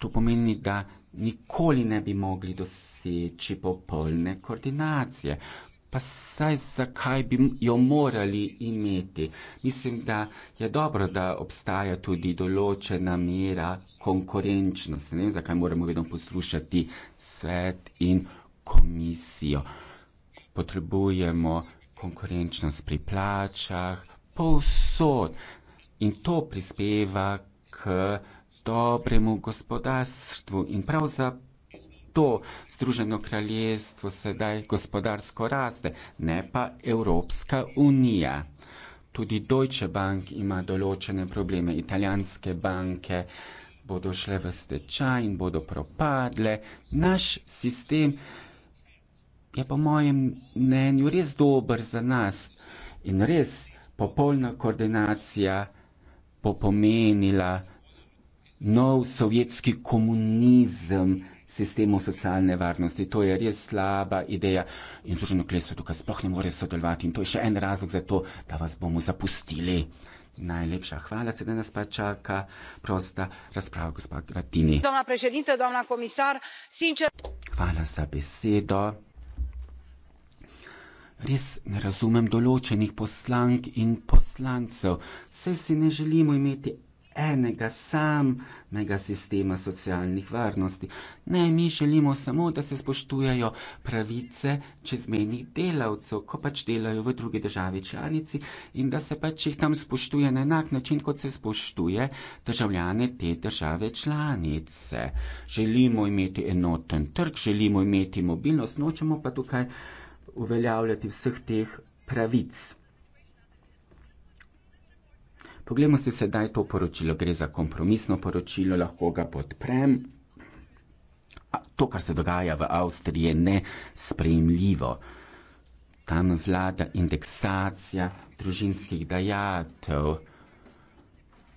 To pomeni, da nikoli ne bi mogli doseči popolne koordinacije. Pa saj zakaj bi jo morali imeti? Mislim, da je dobro, da obstaja tudi določena mera konkurenčnosti. Ne vem, zakaj moramo vedno poslušati svet in komisijo. Potrebujemo konkurenčnost pri plačah, povsod in to prispeva k dobremu gospodarstvu in prav za to Združeno kraljestvo sedaj gospodarsko raste, ne pa Evropska unija. Tudi Deutsche Bank ima določene probleme, italijanske banke bodo šle v stečaj in bodo propadle. Naš sistem je po mojem mnenju res dober za nas in res popolna koordinacija bo pomenila, nov sovjetski komunizem sistemu socialne varnosti. To je res slaba ideja in združeno klesstvo tukaj sploh ne more sodelovati in to je še en razlog za to, da vas bomo zapustili. Najlepša hvala, sedaj nas pa čaka prosta razprava, gospod Gratini. Domna predsednica, domna komisar, sinče. Hvala za besedo. Res ne razumem določenih poslank in poslancev. Vse si ne želimo imeti enega samega sistema socialnih varnosti. Ne, mi želimo samo, da se spoštujajo pravice čezmejnih delavcev, ko pač delajo v drugi državi članici in da se pač jih tam spoštuje na enak način, kot se spoštuje državljane te države članice. Želimo imeti enoten trg, želimo imeti mobilnost, nočemo pa tukaj uveljavljati vseh teh pravic. Poglejmo si sedaj to poročilo. Gre za kompromisno poročilo, lahko ga podprem. A to, kar se dogaja v Avstriji, je nesprejemljivo. Tam vlada indeksacija družinskih dajatev.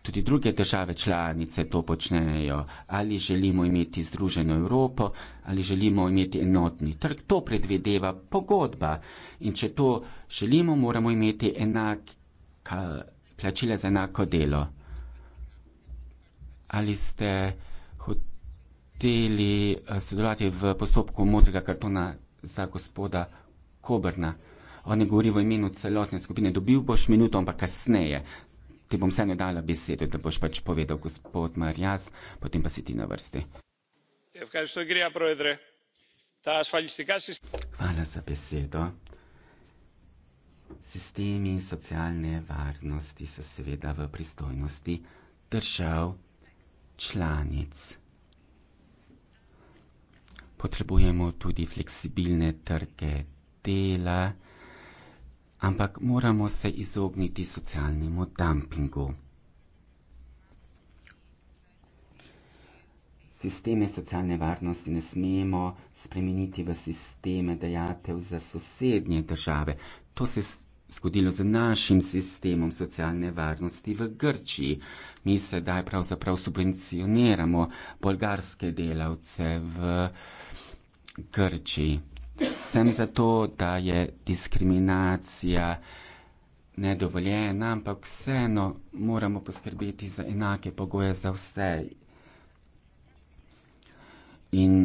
Tudi druge države članice to počnejo. Ali želimo imeti združeno Evropo, ali želimo imeti enotni trg, to predvideva pogodba. In če to želimo, moramo imeti enake plačila za enako delo. Ali ste hoteli eh, sodelovati v postopku modrega kartona za gospoda Koberna? On je govoril v imenu celotne skupine, dobil boš minuto, ampak kasneje ti bom vseeno dala besedo, da boš pač povedal gospod Marjas, potem pa si ti na vrsti. Hvala za besedo. Sistemi socialne varnosti so seveda v pristojnosti držav članic. Potrebujemo tudi fleksibilne trge dela, ampak moramo se izogniti socialnemu dumpingu. Sisteme socialne varnosti ne smemo spremeniti v sisteme dajatev za sosednje države. To se zgodilo z našim sistemom socialne varnosti v Grčiji. Mi sedaj pravzaprav subvencioniramo bolgarske delavce v Grčiji. Sem za to, da je diskriminacija nedovoljena, ampak vseeno moramo poskrbeti za enake pogoje za vse. In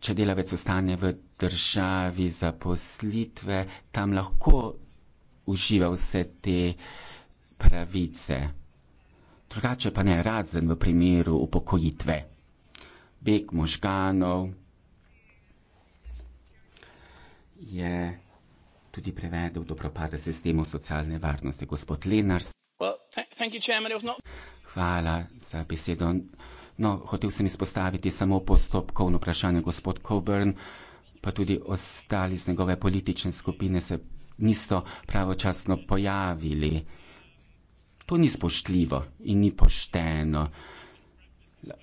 če delavec ostane v državi za poslitve, tam lahko uživa vse te pravice. Drugače pa ne, razen v primeru upokojitve. Beg možganov je tudi prevedel do propada sistemov socialne varnosti. Gospod Lenars. Hvala za besedo. No, hotel sem izpostaviti samo postopkovno vprašanje. Gospod Coburn, pa tudi ostali z njegove politične skupine se niso pravočasno pojavili. To ni spoštljivo in ni pošteno.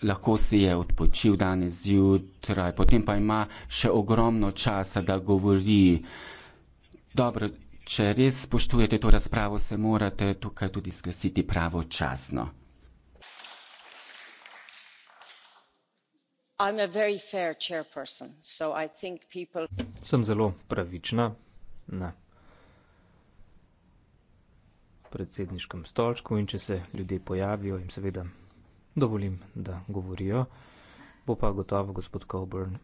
Lahko si je odpočil danes zjutraj, potem pa ima še ogromno časa, da govori. Dobro, če res spoštujete to razpravo, se morate tukaj tudi zglasiti pravočasno. Sem zelo pravična, ne predsedniškem stolčku in če se ljudje pojavijo, jim seveda dovolim, da govorijo, bo pa gotovo gospod Coburn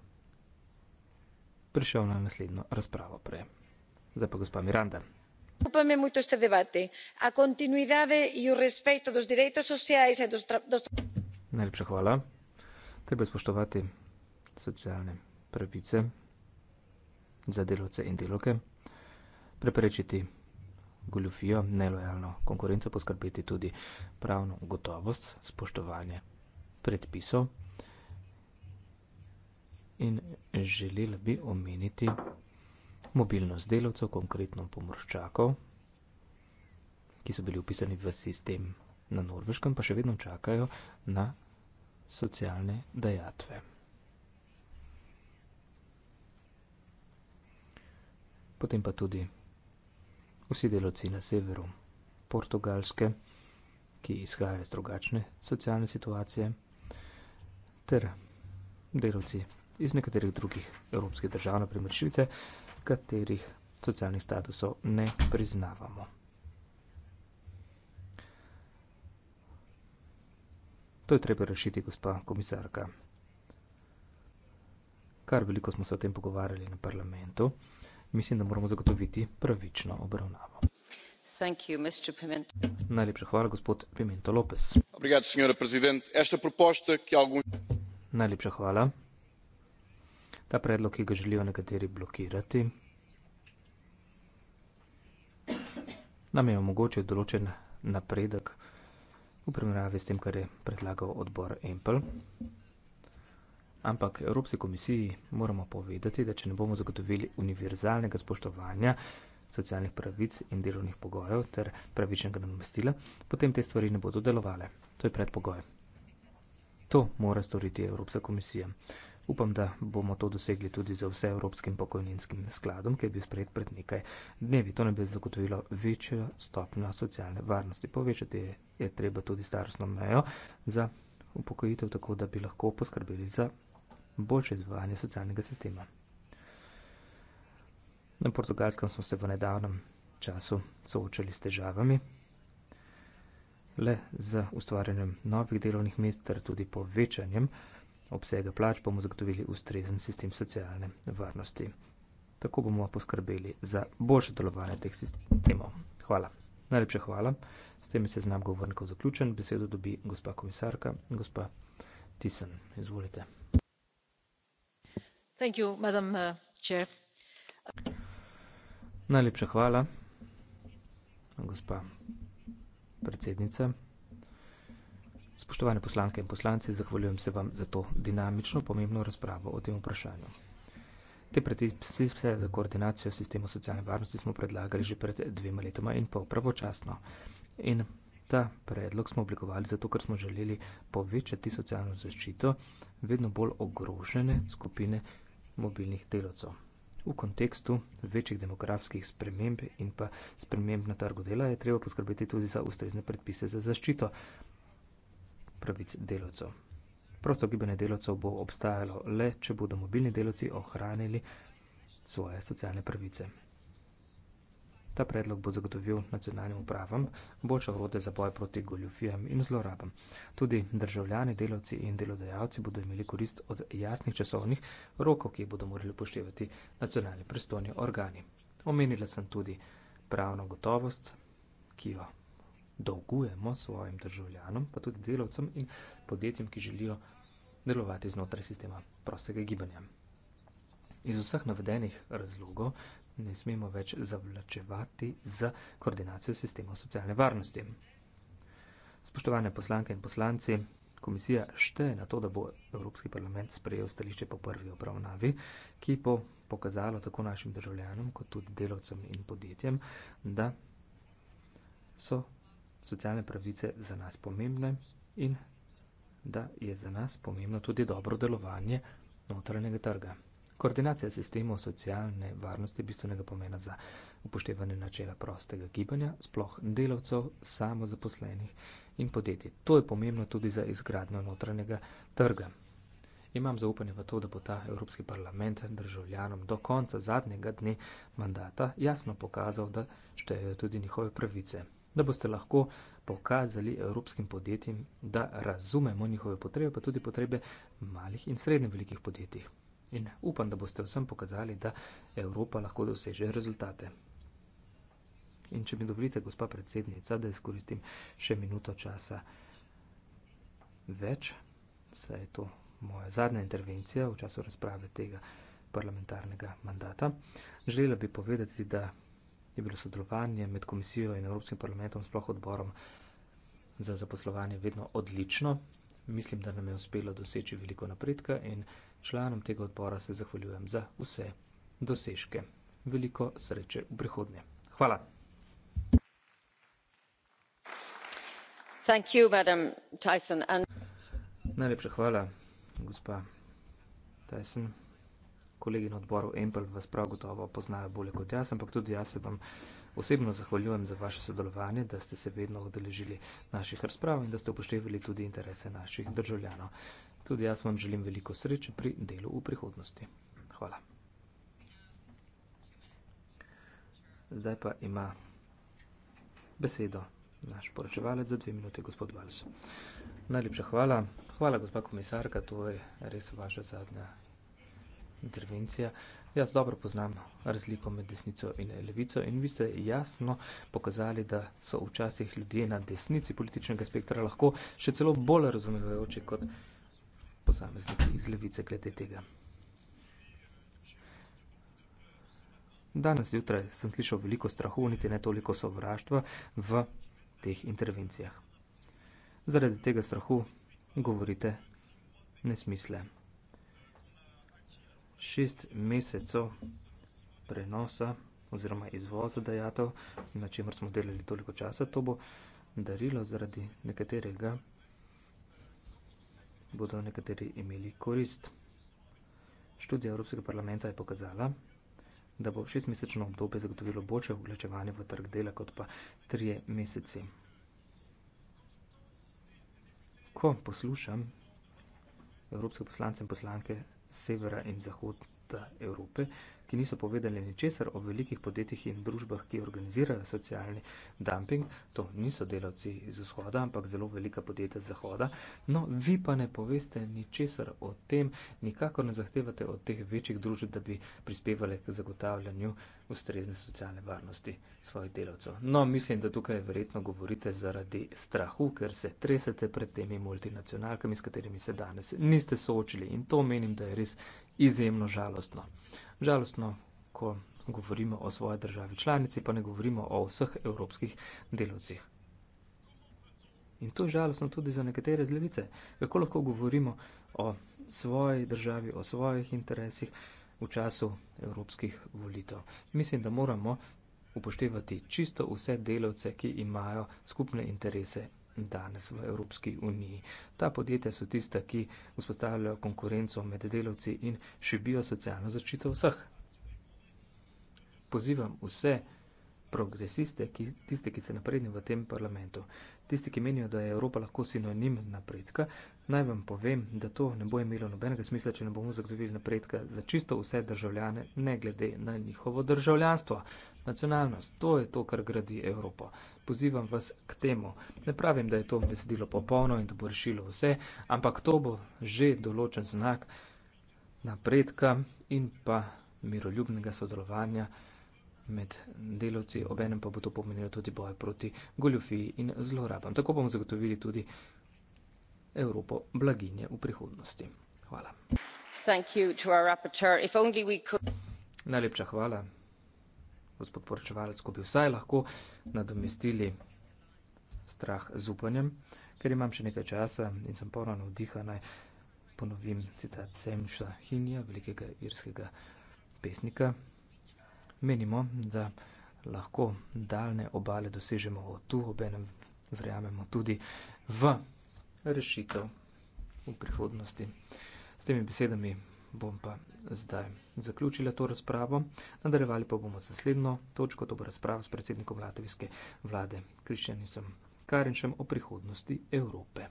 prišel na naslednjo razpravo prej. Zdaj pa gospa Miranda. Preocupame mucho este debate. A continuidade y e o respeto dos derechos sociales e dos... dos... Najlepša hvala. Treba spoštovati socialne pravice za delovce in delovke, preprečiti goljufijo, nelojalno konkurenco, poskrbeti tudi pravno gotovost, spoštovanje predpisov. In želela bi omeniti mobilnost delavcev, konkretno pomorščakov, ki so bili vpisani v sistem na Norveškem, pa še vedno čakajo na socialne dajatve. Potem pa tudi vsi delavci na severu Portugalske, ki izhajajo iz drugačne socialne situacije, ter delavci iz nekaterih drugih evropskih držav, naprimer Švice, katerih socialnih statusov ne priznavamo. To je treba rešiti, gospa komisarka. Kar veliko smo se o tem pogovarjali na parlamentu mislim da moramo zagotoviti pravično obravnavo. Najlepša hvala, gospod Pimento Lopes. Najlepša hvala. Ta predlog, ki ga želijo nekateri blokirati, nam je omogočil določen napredek v primerjavi s tem, kar je predlagal odbor Empel. Ampak Evropski komisiji moramo povedati, da če ne bomo zagotovili univerzalnega spoštovanja socialnih pravic in delovnih pogojev ter pravičnega namestila, potem te stvari ne bodo delovale. To je predpogoj. To mora storiti Evropska komisija. Upam, da bomo to dosegli tudi za vse Evropskim pokojninskim skladom, ki je bil sprejet pred nekaj dnevi. To ne bi zagotovilo večjo stopnjo socialne varnosti. Povečati je treba tudi starostno mejo za upokojitev, tako da bi lahko poskrbeli za boljše izvajanje socialnega sistema. Na portugalskem smo se v nedavnem času soočali s težavami, le z ustvarjanjem novih delovnih mest ter tudi povečanjem obsega plač bomo zagotovili ustrezen sistem socialne varnosti. Tako bomo poskrbeli za boljše delovanje teh sistemov. Hvala. Najlepša hvala. S tem se znam govornikov zaključen. Besedo dobi gospa komisarka, gospa Tisen. Izvolite. Uh, Najlepša hvala, gospa predsednica. Spoštovane poslanke in poslanci, zahvaljujem se vam za to dinamično pomembno razpravo o tem vprašanju. Te predpise za koordinacijo sistemov socialne varnosti smo predlagali že pred dvema letoma in pol pravočasno. In ta predlog smo oblikovali zato, ker smo želeli povečati socialno zaščito vedno bolj ogrožene skupine mobilnih delovcev. V kontekstu večjih demografskih sprememb in pa sprememb na trgu dela je treba poskrbeti tudi za ustrezne predpise za zaščito pravic delovcev. Prosto gibanje delovcev bo obstajalo le, če bodo mobilni delovci ohranili svoje socialne pravice. Ta predlog bo zagotovil nacionalnim upravam boljša vrode za boj proti goljufijam in zlorabam. Tudi državljani, delavci in delodajalci bodo imeli korist od jasnih časovnih rokov, ki jih bodo morali poštevati nacionalni prestolni organi. Omenila sem tudi pravno gotovost, ki jo dolgujemo svojim državljanom, pa tudi delavcem in podjetjem, ki želijo delovati znotraj sistema prostega gibanja. Iz vseh navedenih razlogov ne smemo več zavlačevati z koordinacijo sistemov socialne varnosti. Spoštovane poslanke in poslanci, komisija šteje na to, da bo Evropski parlament sprejel stališče po prvi obravnavi, ki bo pokazalo tako našim državljanom, kot tudi delavcem in podjetjem, da so socialne pravice za nas pomembne in da je za nas pomembno tudi dobro delovanje notranjega trga. Koordinacija sistemov socialne varnosti je bistvenega pomena za upoštevanje načela prostega gibanja, sploh delavcev, samozaposlenih in podjetij. To je pomembno tudi za izgradnjo notranjega trga. Imam zaupanje v to, da bo ta Evropski parlament državljanom do konca zadnjega dne mandata jasno pokazal, da štejejo tudi njihove pravice. Da boste lahko pokazali evropskim podjetjem, da razumemo njihove potrebe, pa tudi potrebe malih in srednje velikih podjetij in upam, da boste vsem pokazali, da Evropa lahko doseže rezultate. In če mi dovolite, gospa predsednica, da izkoristim še minuto časa več, saj je to moja zadnja intervencija v času razprave tega parlamentarnega mandata, želela bi povedati, da je bilo sodelovanje med komisijo in Evropskim parlamentom, sploh odborom za zaposlovanje, vedno odlično. Mislim, da nam je uspelo doseči veliko napredka in članom tega odbora se zahvaljujem za vse dosežke. Veliko sreče v prihodnje. Hvala. Najlepša hvala, gospa Thyssen. Kolegi na odboru Empl vas prav gotovo poznajo bolje kot jaz, ampak tudi jaz se vam osebno zahvaljujem za vaše sodelovanje, da ste se vedno udeležili naših razprav in da ste upoštevali tudi interese naših državljanov. Tudi jaz vam želim veliko sreče pri delu v prihodnosti. Hvala. Zdaj pa ima besedo naš poročevalec za dve minute, gospod Vals. Najlepša hvala. Hvala, gospa komisarka, to je res vaša zadnja intervencija. Jaz dobro poznam razliko med desnico in levico in vi ste jasno pokazali, da so včasih ljudje na desnici političnega spektra lahko še celo bolj razumevajoči kot. Mm -hmm posameznik iz levice glede tega. Danes jutraj sem slišal veliko strahu, niti ne toliko sovraštva v teh intervencijah. Zaradi tega strahu govorite nesmisle. Šest mesecev prenosa oziroma izvoza dajatev, na čemer smo delali toliko časa, to bo darilo zaradi nekaterega bodo nekateri imeli korist. Študija Evropskega parlamenta je pokazala, da bo šestmesečno obdobje zagotovilo boljše vglačevanje v trg dela kot pa trije meseci. Ko poslušam evropske poslance in poslanke severa in zahoda Evrope, ki niso povedali ničesar o velikih podjetjih in družbah, ki organizirajo socialni dumping. To niso delavci iz vzhoda, ampak zelo velika podjetja z zahoda. No, vi pa ne poveste ničesar o tem, nikakor ne zahtevate od teh večjih družb, da bi prispevali k zagotavljanju ustrezne socialne varnosti svojih delavcev. No, mislim, da tukaj verjetno govorite zaradi strahu, ker se tresete pred temi multinacionalkami, s katerimi se danes niste soočili. In to menim, da je res izjemno žalostno žalostno, ko govorimo o svoji državi članici, pa ne govorimo o vseh evropskih delovcih. In to je žalostno tudi za nekatere z levice. Kako lahko govorimo o svoji državi, o svojih interesih v času evropskih volitev? Mislim, da moramo upoštevati čisto vse delovce, ki imajo skupne interese danes v Evropski uniji. Ta podjetja so tista, ki vzpostavljajo konkurenco med delavci in šibijo socialno zaščito vseh. Pozivam vse, progresiste ki, tiste, ki ste napredni v tem parlamentu. Tisti, ki menijo, da je Evropa lahko sinonim napredka, naj vam povem, da to ne bo imelo nobenega smisla, če ne bomo zagotovili napredka za čisto vse državljane, ne glede na njihovo državljanstvo. Nacionalnost, to je to, kar gradi Evropo. Pozivam vas k temu. Ne pravim, da je to besedilo popolno in da bo rešilo vse, ampak to bo že določen znak napredka in pa miroljubnega sodelovanja med delavci, obenem pa bo to pomenilo tudi boj proti goljofiji in zlorabam. Tako bomo zagotovili tudi Evropo blaginje v prihodnosti. Hvala. Could... Najlepša hvala, gospod poročevalec, ko bi vsaj lahko nadomestili strah z upanjem, ker imam še nekaj časa in sem polno navdiha, naj ponovim citat Semša Hinja, velikega irskega pesnika. Menimo, da lahko daljne obale dosežemo od tu, obenem verjamemo tudi v rešitev v prihodnosti. S temi besedami bom pa zdaj zaključila to razpravo. Nadaljevali pa bomo z naslednjo točko, to bo razprava s predsednikom latvijske vlade Krišćanicom Karinšem o prihodnosti Evrope.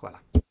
Hvala.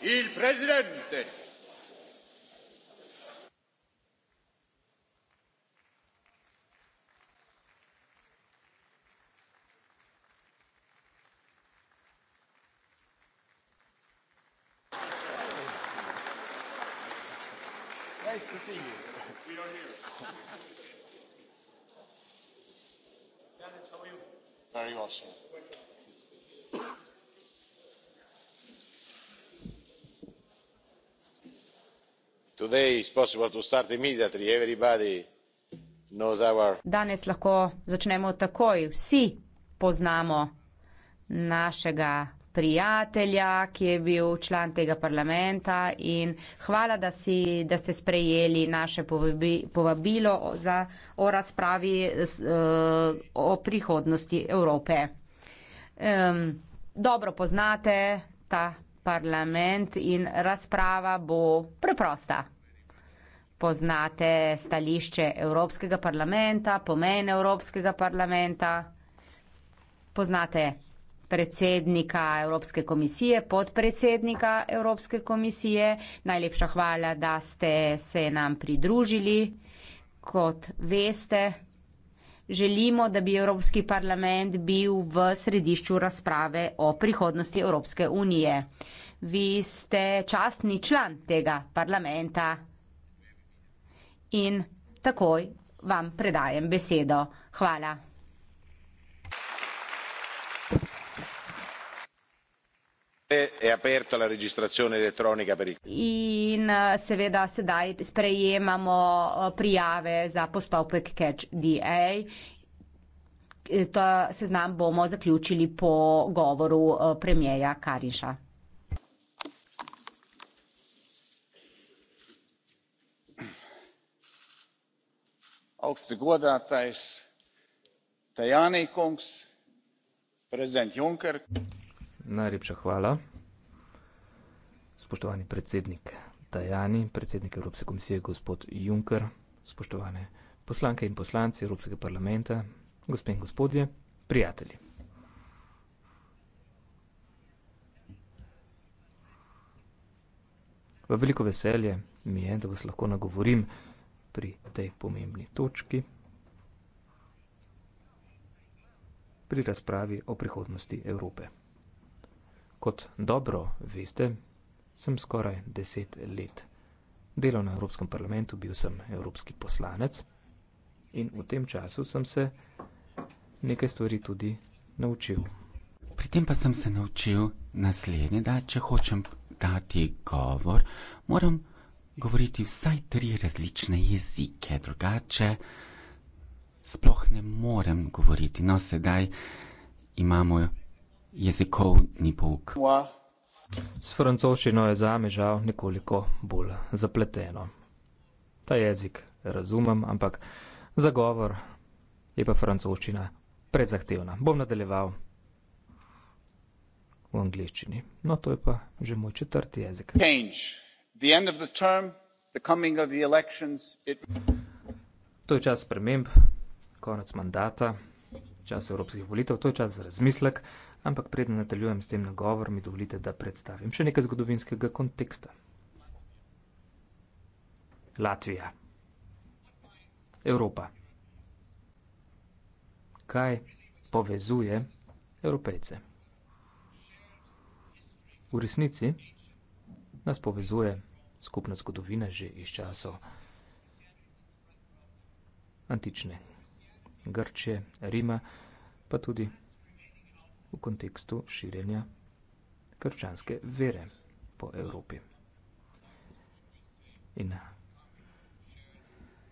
il presidente. Nice to see you. We don't hear. Dennis, how are you? Very well, sir. today is possible to start immediately everybody knows our danes lahko začnemo takoj vsi poznamo našega prijatelja, ki je bil član tega parlamenta in hvala, da, si, da ste sprejeli naše povabi, povabilo za, o razpravi uh, o prihodnosti Evrope. Um, dobro poznate ta parlament in razprava bo preprosta. Poznate stališče Evropskega parlamenta, pomen Evropskega parlamenta, poznate predsednika Evropske komisije, podpredsednika Evropske komisije. Najlepša hvala, da ste se nam pridružili. Kot veste, želimo, da bi Evropski parlament bil v središču razprave o prihodnosti Evropske unije. Vi ste častni član tega parlamenta in takoj vam predajem besedo. Hvala. è aperta la registrazione elettronica per il in eh, seveda sedai sprejemamo eh, prijave za postopek catch da eh, ta seznam bomo zaključili po govoru premijeja Kariša. Augusti Goda, Thijs Tajani, Kongs, President Juncker. Najlepša hvala. Spoštovani predsednik Tajani, predsednik Evropske komisije, gospod Juncker, spoštovane poslanke in poslanci Evropskega parlamenta, gospe in gospodje, prijatelji. V veliko veselje mi je, da vas lahko nagovorim pri tej pomembni točki, pri razpravi o prihodnosti Evrope. Kot dobro veste, sem skoraj deset let delal na Evropskem parlamentu, bil sem evropski poslanec in v tem času sem se nekaj stvari tudi naučil. Pri tem pa sem se naučil naslednje, da če hočem dati govor, moram govoriti vsaj tri različne jezike, drugače sploh ne morem govoriti. No, sedaj imamo jezikovni pouk. S francoščino je zame žal nekoliko bolj zapleteno. Ta jezik razumem, ampak za govor je pa francoščina prezahtevna. Bom nadaljeval v angliščini. No, to je pa že moj četrti jezik. To je čas sprememb, konec mandata, čas evropskih volitev, to je čas za razmislek ampak preden nadaljujem s tem nagovor, mi dovolite, da predstavim še nekaj zgodovinskega konteksta. Latvija. Evropa. Kaj povezuje evropejce? V resnici nas povezuje skupna zgodovina že iz časov antične Grčije, Rima, pa tudi v kontekstu širjenja krščanske vere po Evropi. In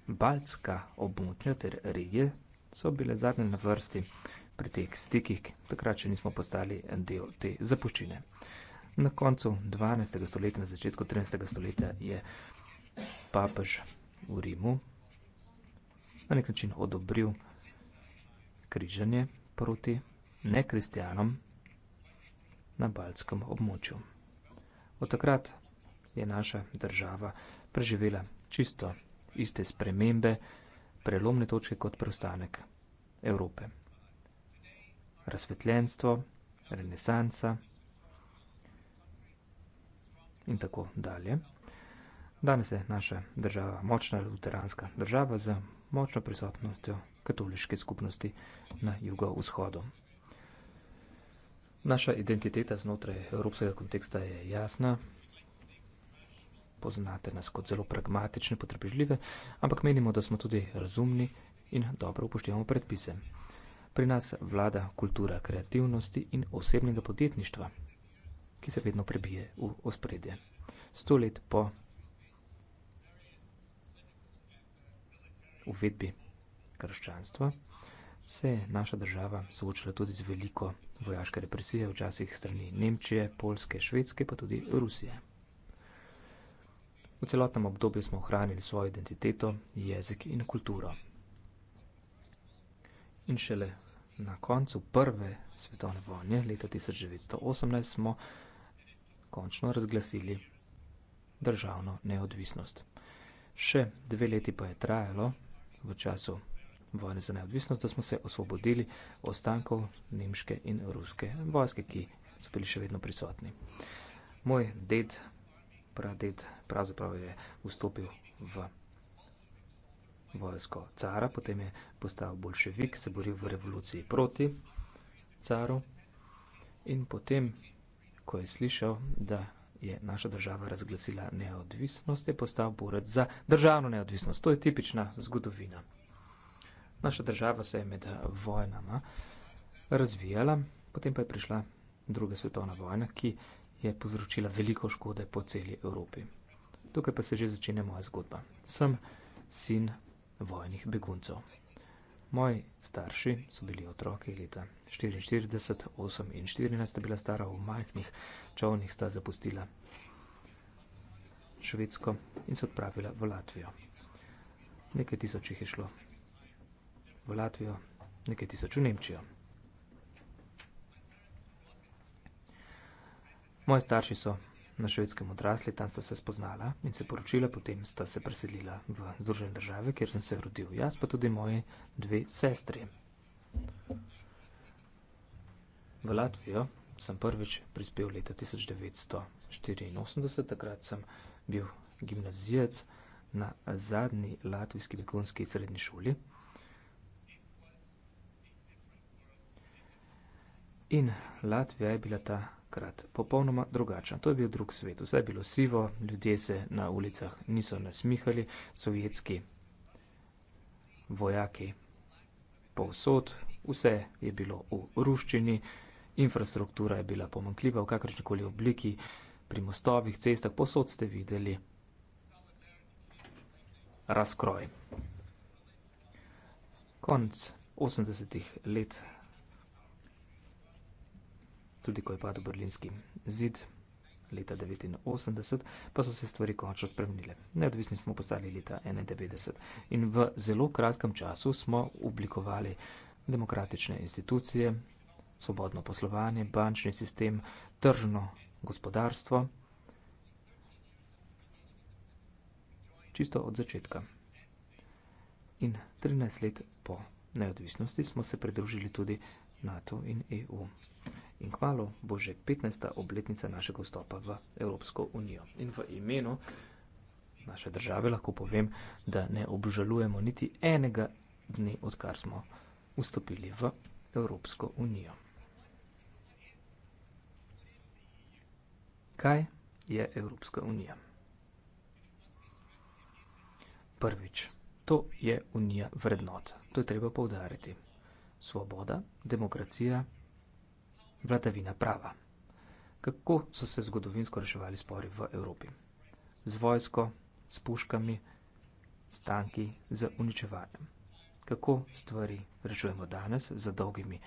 baltska območja ter regije so bile zadnje na vrsti pri teh stikih, takrat še nismo postali del te zapuščine. Na koncu 12. stoletja, na začetku 13. stoletja je papež v Rimu na nek način odobril križanje proti nekristijanom na baltskem območju. Od takrat je naša država preživela čisto iste spremembe, prelomne točke kot preostanek Evrope. Razsvetljenstvo, renesansa in tako dalje. Danes je naša država močna luteranska država z močno prisotnostjo katoliške skupnosti na jugovzhodu. Naša identiteta znotraj evropskega konteksta je jasna. Poznate nas kot zelo pragmatične, potrpežljive, ampak menimo, da smo tudi razumni in dobro upoštevamo predpise. Pri nas vlada kultura kreativnosti in osebnega podjetništva, ki se vedno prebije v ospredje. Sto let po uvedbi krščanstva se je naša država soočala tudi z veliko vojaške represije, včasih strani Nemčije, Polske, Švedske, pa tudi Rusije. V celotnem obdobju smo ohranili svojo identiteto, jezik in kulturo. In šele na koncu prve svetovne vojne, leta 1918, smo končno razglasili državno neodvisnost. Še dve leti pa je trajalo v času vojne za neodvisnost, da smo se osvobodili ostankov nemške in ruske vojske, ki so bili še vedno prisotni. Moj ded, praded, pravzaprav je vstopil v vojsko cara, potem je postal bolševik, se boril v revoluciji proti caru in potem, ko je slišal, da je naša država razglasila neodvisnost, je postal borec za državno neodvisnost. To je tipična zgodovina. Naša država se je med vojnama razvijala, potem pa je prišla druga svetovna vojna, ki je povzročila veliko škode po celi Evropi. Tukaj pa se že začne moja zgodba. Sem sin vojnih beguncev. Moji starši so bili otroki leta 44, 8 in 14, sta bila stara v majhnih čovnih, sta zapustila Švedsko in se odpravila v Latvijo. Nekaj tisoč jih je šlo v Latvijo, nekaj tisoč v Nemčijo. Moji starši so na švedskem odrasli, tam sta se spoznala in se poročila, potem sta se preselila v Združene države, kjer sem se rodil jaz, pa tudi moje dve sestri. V Latvijo sem prvič prispel leta 1984, takrat sem bil gimnazijec na zadnji latvijski begunski srednji šoli. In Latvija je bila takrat popolnoma drugačna. To je bil drug svet. Vse je bilo sivo, ljudje se na ulicah niso nasmihali, sovjetski vojaki povsod, vse je bilo v ruščini, infrastruktura je bila pomankljiva v kakršnikoli obliki, pri mostovih, cestah, posod ste videli razkroj. Konec 80-ih let tudi ko je padel berlinski zid leta 1989, pa so se stvari končno spremenile. Neodvisni smo postali leta 1991 in v zelo kratkem času smo oblikovali demokratične institucije, svobodno poslovanje, bančni sistem, tržno gospodarstvo. Čisto od začetka. In 13 let po neodvisnosti smo se pridružili tudi NATO in EU in kmalo bo že 15. obletnica našega vstopa v Evropsko unijo. In v imenu naše države lahko povem, da ne obžalujemo niti enega dne, odkar smo vstopili v Evropsko unijo. Kaj je Evropska unija? Prvič, to je unija vrednot. To je treba povdariti. Svoboda, demokracija, vladavina prava. Kako so se zgodovinsko reševali spori v Evropi? Z vojsko, s puškami, s tanki, z uničevanjem. Kako stvari rešujemo danes z dolgimi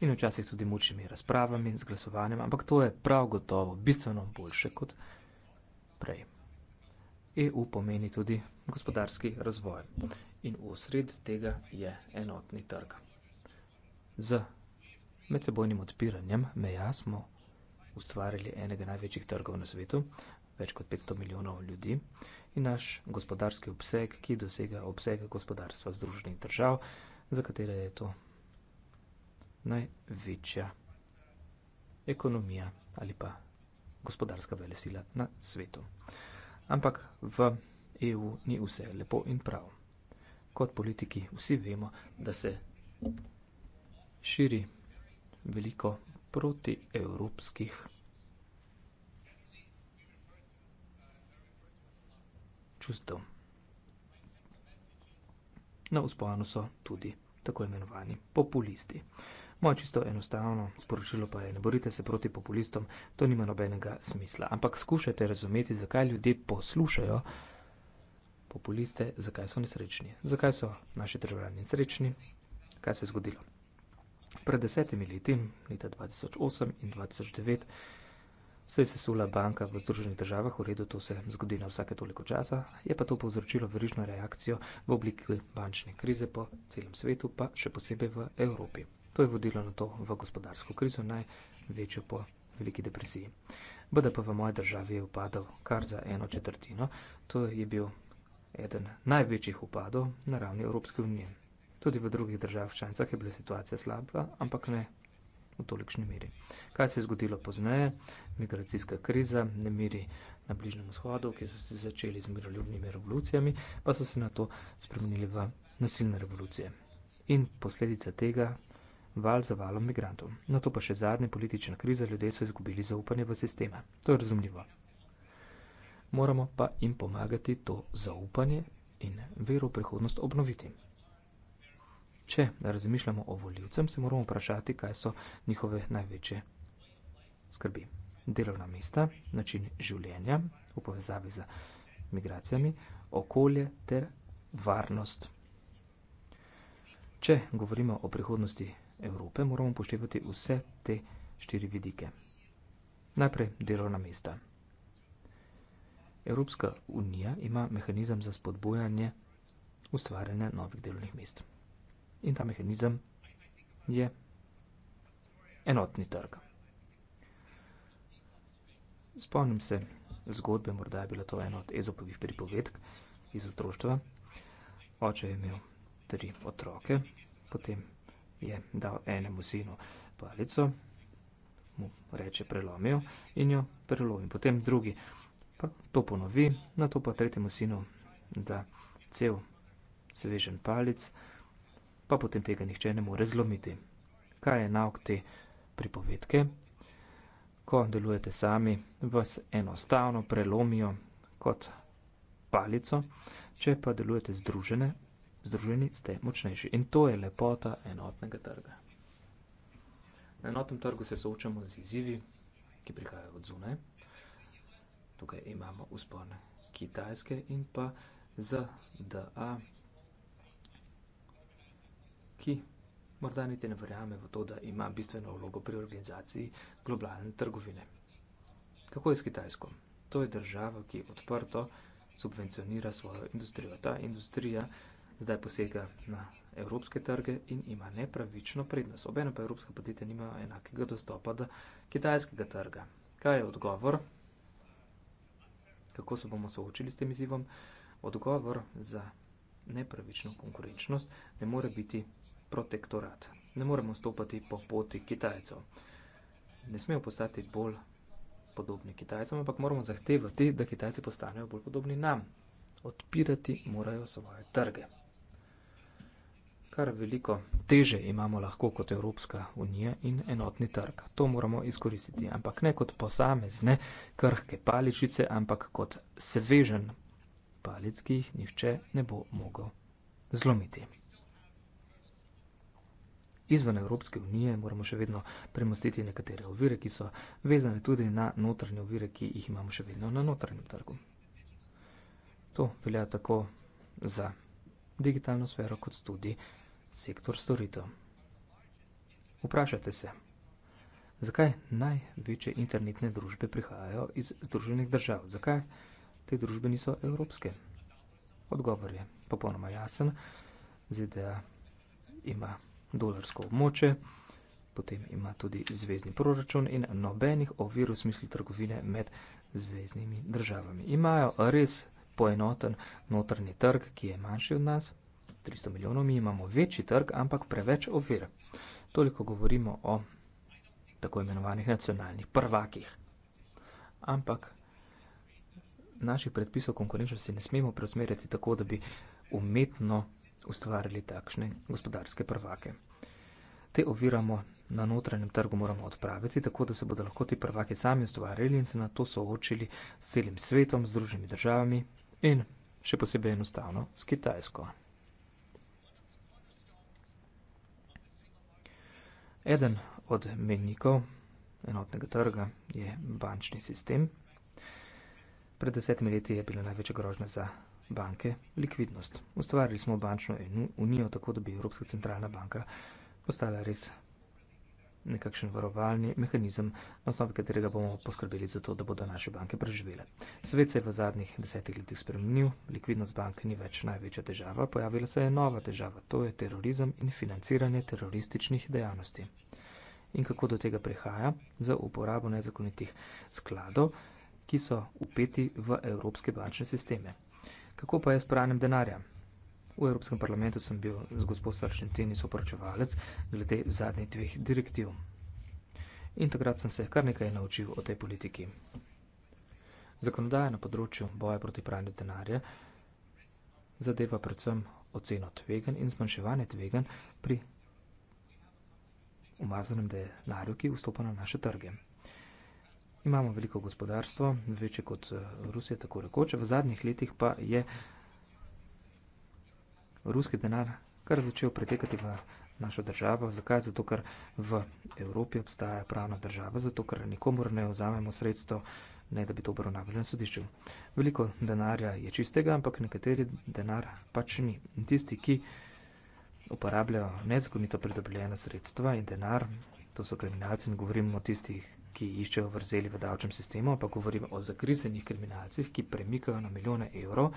in včasih tudi mučnimi razpravami, z glasovanjem, ampak to je prav gotovo bistveno boljše kot prej. EU pomeni tudi gospodarski razvoj in v sred tega je enotni trg. Z med sebojnim odpiranjem meja smo ustvarili enega največjih trgov na svetu, več kot 500 milijonov ljudi in naš gospodarski obseg, ki dosega obseg gospodarstva združenih držav, za katere je to največja ekonomija ali pa gospodarska velesila na svetu. Ampak v EU ni vse lepo in prav. Kot politiki vsi vemo, da se širi veliko protievropskih čustev. Na vzponu so tudi tako imenovani populisti. Moje čisto enostavno sporočilo pa je, ne borite se proti populistom, to nima nobenega smisla. Ampak skušajte razumeti, zakaj ljudje poslušajo populiste, zakaj so nesrečni, zakaj so naši državljani srečni, kaj se je zgodilo. Pred desetimi leti, leta 2008 in 2009, se je sesula banka v Združenih državah, v redu to se zgodi na vsake toliko časa, je pa to povzročilo verižno reakcijo v obliki bančne krize po celem svetu, pa še posebej v Evropi. To je vodilo na to v gospodarsko krizo, največjo po veliki depresiji. BDP v moji državi je upadal kar za eno četrtino, to je bil eden največjih upadov na ravni Evropske unije. Tudi v drugih državah članicah je bila situacija slaba, ampak ne v tolikšni meri. Kaj se je zgodilo pozneje? Migracijska kriza, nemiri na Bližnjem vzhodu, ki so se začeli z miroljubnimi revolucijami, pa so se na to spremenili v nasilne revolucije. In posledica tega val za valom migrantov. Na to pa še zadnja politična kriza, ljudje so izgubili zaupanje v sistema. To je razumljivo. Moramo pa jim pomagati to zaupanje in vero v prihodnost obnoviti. Če razmišljamo o voljivcem, se moramo vprašati, kaj so njihove največje skrbi. Delovna mesta, način življenja v povezavi z migracijami, okolje ter varnost. Če govorimo o prihodnosti Evrope, moramo upoštevati vse te štiri vidike. Najprej delovna mesta. Evropska unija ima mehanizem za spodbujanje ustvarjanja novih delovnih mest in ta mehanizem je enotni trg. Spomnim se zgodbe, morda je bila to ena od ezopovih pripovedk iz otroštva. Oče je imel tri otroke, potem je dal enemu sinu palico, mu reče prelomijo in jo prelomi. Potem drugi pa to ponovi, na to pa tretjemu sinu da cel svežen palic pa potem tega nihče ne more zlomiti. Kaj je nauk te pripovedke? Ko delujete sami, vas enostavno prelomijo kot palico, če pa delujete združene, združeni ste močnejši. In to je lepota enotnega trga. Na enotnem trgu se soočamo z izzivi, ki prihajajo od zunaj. Tukaj imamo usporne kitajske in pa ZDA ki morda niti ne verjame v to, da ima bistveno vlogo pri organizaciji globalne trgovine. Kako je s Kitajsko? To je država, ki odprto subvencionira svojo industrijo. Ta industrija zdaj posega na evropske trge in ima nepravično prednost. Obena pa evropska podjetja nima enakega dostopa do kitajskega trga. Kaj je odgovor? Kako se bomo soočili s tem izzivom? Odgovor za nepravično konkurenčnost ne more biti protektorat. Ne moremo stopiti po poti Kitajcev. Ne smemo postati bolj podobni Kitajcem, ampak moramo zahtevati, da Kitajci postanejo bolj podobni nam. Odpirati morajo svoje trge. Kar veliko teže imamo lahko kot Evropska unija in enotni trg. To moramo izkoristiti, ampak ne kot posamezne krhke paličice, ampak kot svežen palic, ki jih nišče ne bo mogel zlomiti izven Evropske unije moramo še vedno premostiti nekatere ovire, ki so vezane tudi na notranje ovire, ki jih imamo še vedno na notranjem trgu. To velja tako za digitalno sfero, kot tudi sektor storitev. Vprašajte se, zakaj največje internetne družbe prihajajo iz Združenih držav? Zakaj te družbe niso evropske? Odgovor je popolnoma jasen. ZDA ima dolarsko območje, potem ima tudi zvezdni proračun in nobenih ovir v smislu trgovine med zvezdnimi državami. Imajo res poenoten notrni trg, ki je manjši od nas, 300 milijonov, mi imamo večji trg, ampak preveč ovir. Toliko govorimo o tako imenovanih nacionalnih prvakih. Ampak naših predpisov konkurenčnosti ne smemo preusmeriti tako, da bi umetno ustvarili takšne gospodarske prvake. Te oviramo na notranjem trgu moramo odpraviti, tako da se bodo lahko ti prvaki sami ustvarili in se na to soočili s celim svetom, z druženimi državami in še posebej enostavno s Kitajsko. Eden od menikov enotnega trga je bančni sistem. Pred desetimi leti je bila največja grožnja za banke likvidnost. Ustvarili smo bančno unijo tako, da bi Evropska centralna banka postala res nekakšen varovalni mehanizem, na osnovi katerega bomo poskrbeli za to, da bodo naše banke preživele. Svet se je v zadnjih desetih letih spremenil, likvidnost bank ni več največja težava, pojavila se je nova težava, to je terorizem in financiranje terorističnih dejavnosti. In kako do tega prihaja? Za uporabo nezakonitih skladov, ki so upeti v evropske bančne sisteme. Kako pa je s pranjem denarja? V Evropskem parlamentu sem bil z gospod Sršen Tini soporočevalec glede zadnjih dveh direktiv. In takrat sem se kar nekaj naučil o tej politiki. Zakonodaja na področju boja proti pranju denarja zadeva predvsem oceno tvegan in zmanjševanje tvegan pri umazanem denarju, ki vstopa na naše trge imamo veliko gospodarstvo, večje kot eh, Rusija, tako rekoč. V zadnjih letih pa je ruski denar kar začel pretekati v našo državo. Zakaj? Zato, ker v Evropi obstaja pravna država, zato, ker nikomor ne vzamemo sredstvo, ne da bi to obravnavali na sodišču. Veliko denarja je čistega, ampak nekateri denar pač ni. In tisti, ki uporabljajo nezakonito pridobljena sredstva in denar, to so kriminalci, ne govorimo o tistih, ki iščejo vrzeli v davčnem sistemu, ampak govorimo o zagrizenih kriminalcih, ki premikajo na milijone evrov,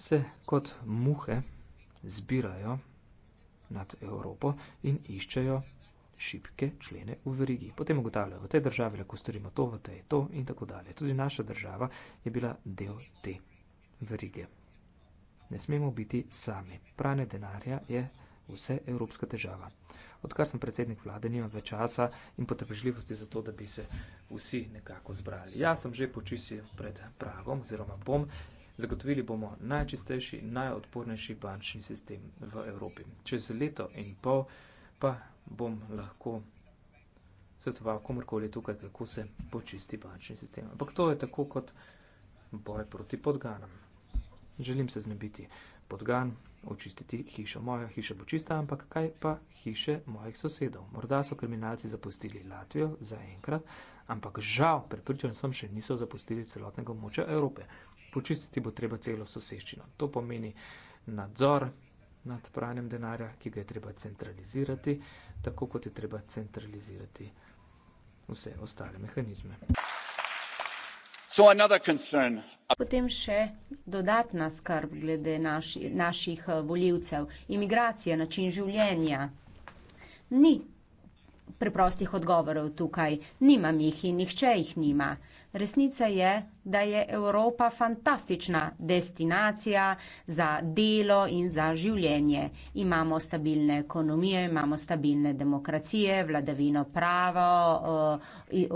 se kot muhe zbirajo nad Evropo in iščejo šibke člene v verigi. Potem ugotavljajo, v tej državi lahko storimo to, v tej to in tako dalje. Tudi naša država je bila del te verige. Ne smemo biti sami. Prane denarja je vse evropska težava. Odkar sem predsednik vlade, nimam več časa in potrpežljivosti za to, da bi se vsi nekako zbrali. Jaz sem že počisi pred pragom oziroma bom. Zagotovili bomo najčistejši, najodpornejši bančni sistem v Evropi. Čez leto in pol pa bom lahko svetoval komorkoli tukaj, kako se počisti bančni sistem. Ampak to je tako kot boj proti podganam. Želim se znebiti podgan, očistiti hišo. Moja hiša bo čista, ampak kaj pa hiše mojih sosedov? Morda so kriminalci zapustili Latvijo zaenkrat, ampak žal, prepričan sem, še niso zapustili celotnega območja Evrope. Počistiti bo treba celo soseščino. To pomeni nadzor nad pranjem denarja, ki ga je treba centralizirati, tako kot je treba centralizirati vse ostale mehanizme. Potem še dodatna skrb glede naši, naših eh, volivcev, imigracije, način življenja. Ni Preprostih odgovorov tukaj nimam jih in nihče jih nima. Resnica je, da je Evropa fantastična destinacija za delo in za življenje. Imamo stabilne ekonomije, imamo stabilne demokracije, vladavino pravo,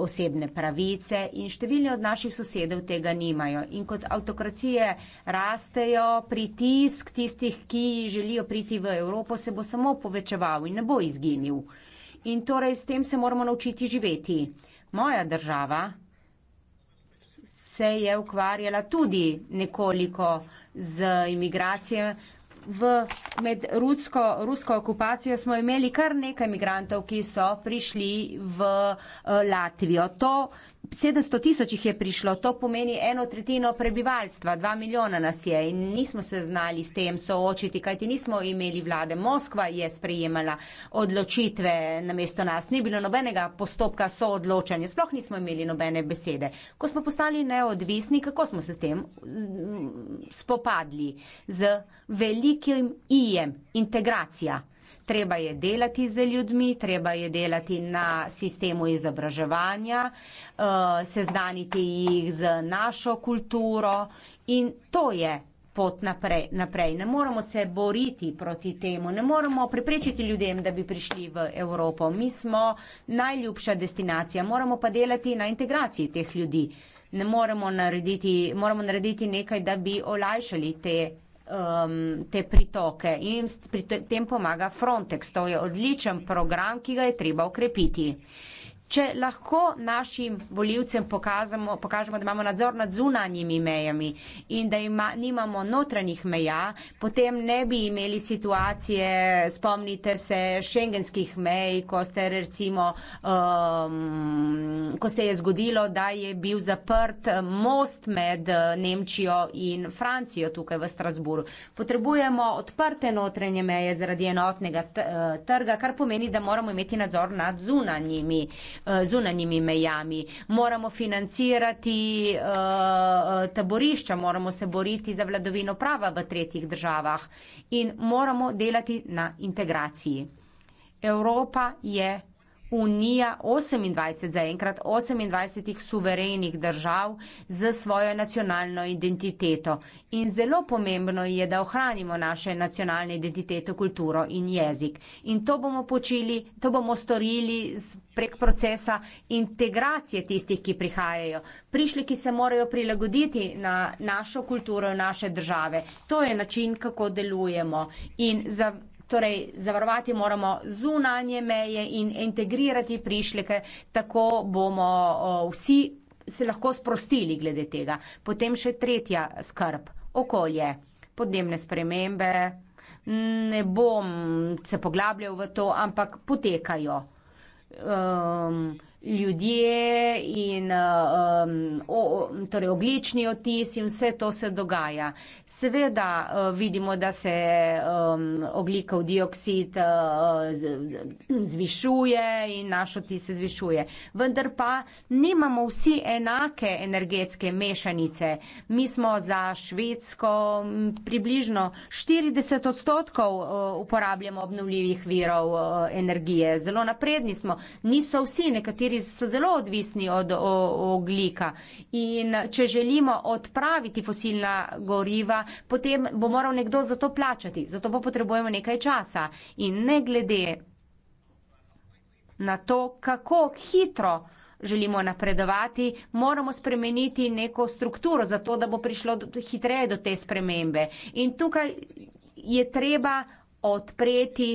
osebne pravice in številni od naših sosedov tega nimajo. In kot avtokracije rastejo, pritisk tistih, ki želijo priti v Evropo, se bo samo povečeval in ne bo izginil in torej s tem se moramo naučiti živeti. Moja država se je ukvarjala tudi nekoliko z imigracijami. V, med rusko, rusko okupacijo smo imeli kar nekaj imigrantov, ki so prišli v uh, Latvijo. To 700 tisoč jih je prišlo, to pomeni eno tretjino prebivalstva, dva milijona nas je in nismo se znali s tem soočiti, kajti nismo imeli vlade. Moskva je sprejemala odločitve namesto nas, ni bilo nobenega postopka soodločanja, sploh nismo imeli nobene besede. Ko smo postali neodvisni, kako smo se s tem mm, spopadli? Z velikim ijem integracija treba je delati z ljudmi, treba je delati na sistemu izobraževanja, eh, seznaniti jih z našo kulturo in to je pot naprej, naprej. Ne moremo se boriti proti temu, ne moremo preprečiti ljudem, da bi prišli v Evropo. Mi smo najljubša destinacija, moramo pa delati na integraciji teh ljudi. Ne moremo narediti, moramo narediti nekaj, da bi olajšali te um, te pritoke in pri tem pomaga Frontex. To je odličen program, ki ga je treba ukrepiti če lahko našim voljivcem pokazamo, pokažemo, da imamo nadzor nad zunanjimi mejami in da ima, nimamo notranjih meja, potem ne bi imeli situacije, spomnite se, šengenskih mej, ko ste recimo, um, ko se je zgodilo, da je bil zaprt most med eh, Nemčijo in Francijo tukaj v Strasburu. Potrebujemo odprte notranje meje zaradi enotnega eh, trga, kar pomeni, da moramo imeti nadzor nad zunanjimi Eh, zunanjimi mejami. Moramo financirati eh, eh, taborišča, moramo se boriti za vladovino prava v tretjih državah in moramo delati na integraciji. Evropa je unija 28, zaenkrat 28 suverenih držav z svojo nacionalno identiteto. In zelo pomembno je, da ohranimo naše nacionalne identitete, kulturo in jezik. In to bomo počeli, to bomo storili prek procesa integracije tistih, ki prihajajo. Prišli, ki se morajo prilagoditi na našo kulturo, naše države. To je način, kako delujemo. In za torej zavarovati moramo zunanje meje in integrirati prišljike, tako bomo vsi se lahko sprostili glede tega. Potem še tretja skrb, okolje, podnebne spremembe, ne bom se poglabljal v to, ampak potekajo. Um, ljudje in um, o, torej oglični otis in vse to se dogaja. Seveda uh, vidimo, da se um, oglikov dioksid uh, zvišuje in naš otis se zvišuje. Vendar pa nimamo vsi enake energetske mešanice. Mi smo za Švedsko približno 40 odstotkov uh, uporabljamo obnovljivih virov uh, energije. Zelo napredni smo. Niso vsi nekateri nekateri so zelo odvisni od oglika. In če želimo odpraviti fosilna goriva, potem bo moral nekdo za to plačati. Zato pa potrebujemo nekaj časa. In ne glede na to, kako hitro želimo napredovati, moramo spremeniti neko strukturo, zato da bo prišlo hitreje do te spremembe. In tukaj je treba odpreti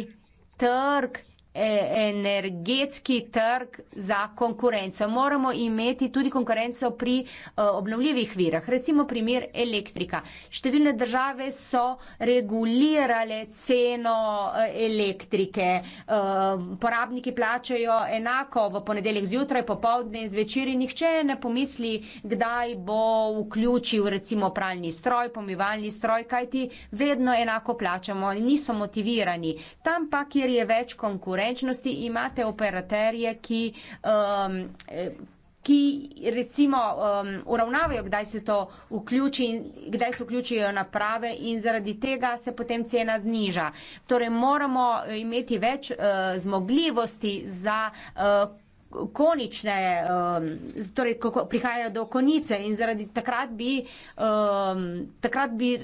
trg E, energetski trg za konkurenco. Moramo imeti tudi konkurenco pri e, obnovljivih virah. Recimo primer elektrika. Številne države so regulirale ceno e, elektrike. Porabniki plačajo enako v ponedeljek zjutraj, popovdne in zvečer in nihče ne pomisli, kdaj bo vključil recimo pralni stroj, pomivalni stroj, kajti vedno enako plačamo in niso motivirani. Tam pa, kjer je več konkurenca, konkurenčnosti, imate operaterje, ki. Um, eh, Ki recimo um, uravnavajo, kdaj se to vključi, kdaj se vključijo naprave, in zaradi tega se potem cena zniža. Torej, moramo imeti več uh, zmogljivosti za uh, konične, um, torej, kako prihajajo do konice, in zaradi takrat bi. Um, takrat bi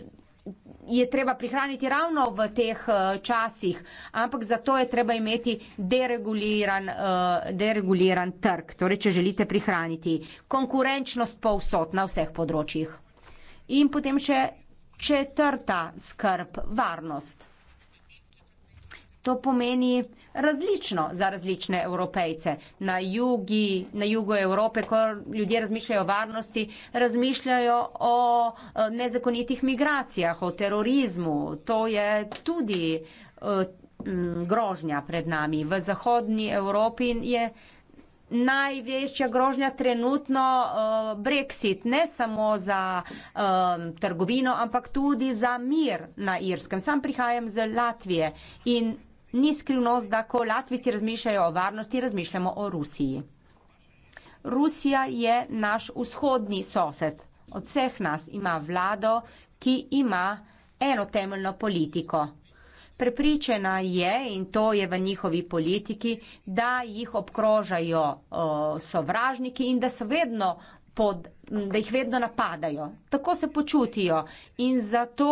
je treba prihraniti ravno v teh eh, časih, ampak zato je treba imeti dereguliran, eh, dereguliran trg, torej če želite prihraniti konkurenčnost povsod na vseh področjih. In potem še četrta skrb, varnost. To pomeni različno za različne evropejce. Na, jugi, na jugu Evrope, ko ljudje razmišljajo o varnosti, razmišljajo o e, nezakonitih migracijah, o terorizmu. To je tudi e, grožnja pred nami. V zahodni Evropi je največja grožnja trenutno e, Brexit, ne samo za trgovino, ampak tudi za mir na Irskem. Sam prihajam z Latvije in ni skrivnost, da ko Latvici razmišljajo o varnosti, razmišljamo o Rusiji. Rusija je naš vzhodni sosed. Od vseh nas ima vlado, ki ima eno temeljno politiko. Prepričana je, in to je v njihovi politiki, da jih obkrožajo o, sovražniki in da, vedno pod, da jih vedno napadajo. Tako se počutijo in zato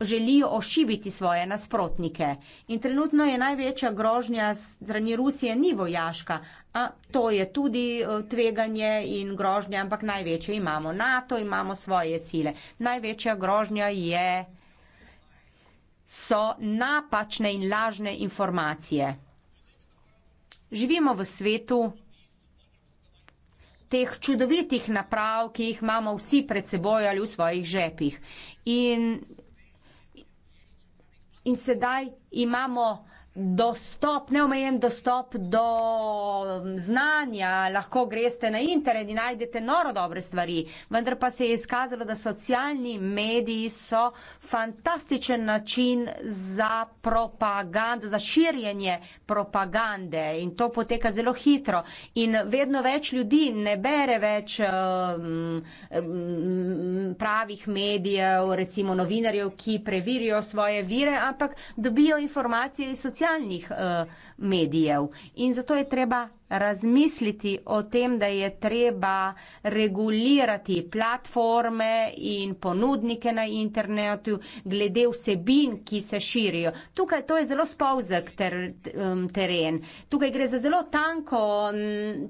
želijo ošibiti svoje nasprotnike. In trenutno je največja grožnja strani Rusije ni vojaška, a to je tudi e, tveganje in grožnja, ampak največje imamo NATO, imamo svoje sile. Največja grožnja je, so napačne in lažne informacije. Živimo v svetu teh čudovitih naprav, ki jih imamo vsi pred seboj ali v svojih žepih. In in sedaj imamo dostop, neomejen dostop do mm, znanja, lahko greste na internet in najdete noro dobre stvari, vendar pa se je izkazalo, da socialni mediji so fantastičen način za propagando, za širjenje propagande in to poteka zelo hitro in vedno več ljudi ne bere več um, um, pravih medijev, recimo novinarjev, ki preverijo svoje vire, ampak dobijo informacije iz socialnih medijev socialnih eh, medijev. In zato je treba razmisliti o tem, da je treba regulirati platforme in ponudnike na internetu glede vsebin, ki se širijo. Tukaj to je zelo spolzek ter, teren. Tukaj gre za zelo tanko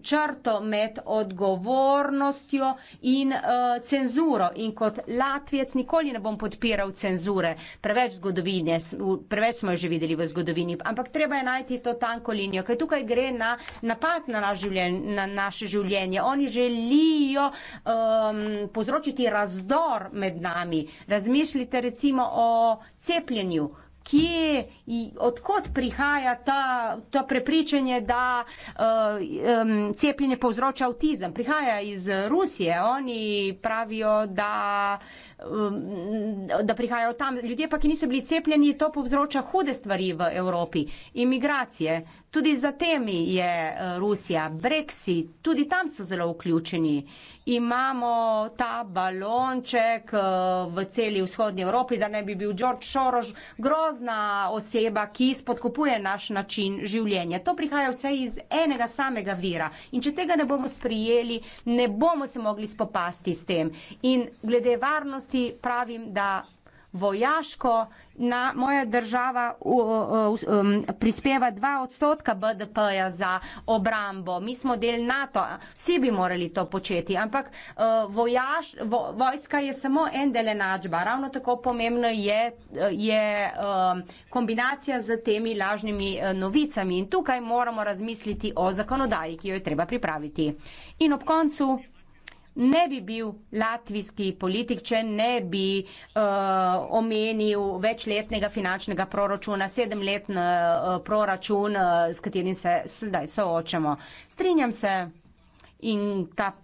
črto med odgovornostjo in uh, cenzuro. In kot Latvijec nikoli ne bom podpiral cenzure. Preveč zgodovine, preveč smo jo že videli v zgodovini. Ampak treba je najti to tanko linijo, ker tukaj gre na napad na, naš življenje, na naše življenje. Oni želijo um, povzročiti razdor med nami. Razmišljite recimo o cepljenju. Kje, odkot prihaja ta, ta prepričanje, da uh, um, cepljenje povzroča avtizem? Prihaja iz Rusije. Oni pravijo, da uh, Um, da prihajajo tam ljudje, pa ki niso bili cepljeni, to povzroča hude stvari v Evropi. Imigracije, tudi za temi je uh, Rusija, Brexit, tudi tam so zelo vključeni. Imamo ta balonček uh, v celi vzhodnji Evropi, da ne bi bil George Soros grozna oseba, ki spodkupuje naš način življenja. To prihaja vse iz enega samega vira in če tega ne bomo sprijeli, ne bomo se mogli spopasti s tem. In glede varnosti, javnosti pravim, da vojaško na moja država um, prispeva dva odstotka BDP-ja za obrambo. Mi smo del NATO, vsi bi morali to početi, ampak uh, vojaž, vo, vojska je samo en del enačba. Ravno tako pomembno je, je um, kombinacija z temi lažnimi uh, novicami in tukaj moramo razmisliti o zakonodaji, ki jo je treba pripraviti. In ob koncu ne bi bil latvijski politik, če ne bi uh, omenil večletnega finančnega proračuna, sedemletni uh, proračun, uh, s katerim se sedaj soočamo. Strinjam se in ta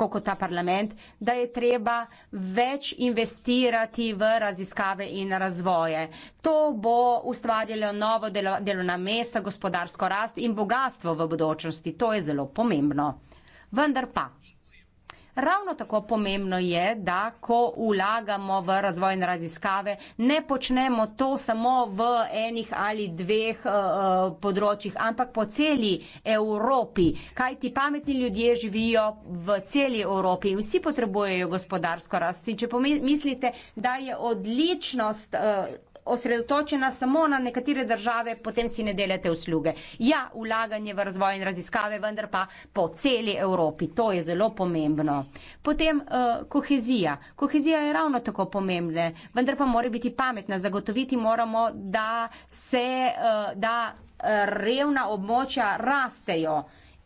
kot ta parlament, da je treba več investirati v raziskave in razvoje. To bo ustvarjalo novo delo, delovna mesta, gospodarsko rast in bogatstvo v budočnosti. To je zelo pomembno. Vendar pa. Ravno tako pomembno je, da ko vlagamo v razvoj in raziskave, ne počnemo to samo v enih ali dveh uh, področjih, ampak po celi Evropi. Kaj ti pametni ljudje živijo v celi Evropi in vsi potrebujejo gospodarsko rast. In če pomislite, da je odličnost. Uh, osredotočena samo na nekatere države, potem si ne delate usluge. Ja, ulaganje v razvoj in raziskave, vendar pa po celi Evropi. To je zelo pomembno. Potem uh, kohezija. Kohezija je ravno tako pomembna, vendar pa mora biti pametna. Zagotoviti moramo, da se uh, da eh, revna območja rastejo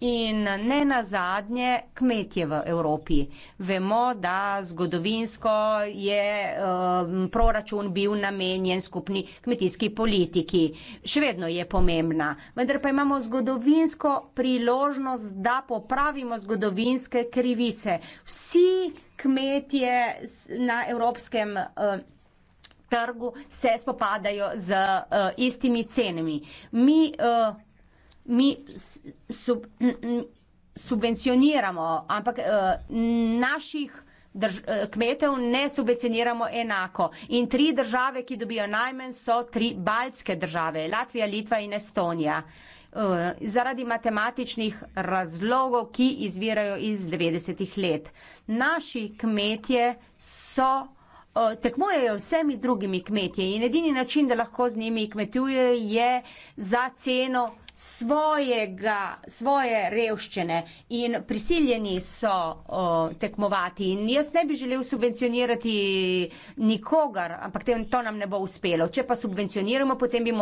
in ne nazadnje kmetje v Evropi. Vemo, da zgodovinsko je um, proračun bil namenjen skupni kmetijski politiki. Še vedno je pomembna. Vendar pa imamo zgodovinsko priložnost, da popravimo zgodovinske krivice. Vsi kmetje na evropskem. Um, trgu se spopadajo z uh, istimi cenami. Mi uh, mi sub, subvencioniramo, ampak uh, naših drž, uh, kmetov ne subvencioniramo enako. In tri države, ki dobijo najmanj, so tri baltske države - Latvija, Litva in Estonija. Eh, zaradi matematičnih razlogov, ki izvirajo iz 90-ih let. Naši kmetje so tekmujejo vsemi drugimi kmetje in edini način, da lahko z njimi kmetuje, je za ceno svojega, svoje revščine in prisiljeni so o, tekmovati. In jaz ne bi želel subvencionirati nikogar, ampak tem, to nam ne bo uspelo. Če pa subvencioniramo, potem bi morali.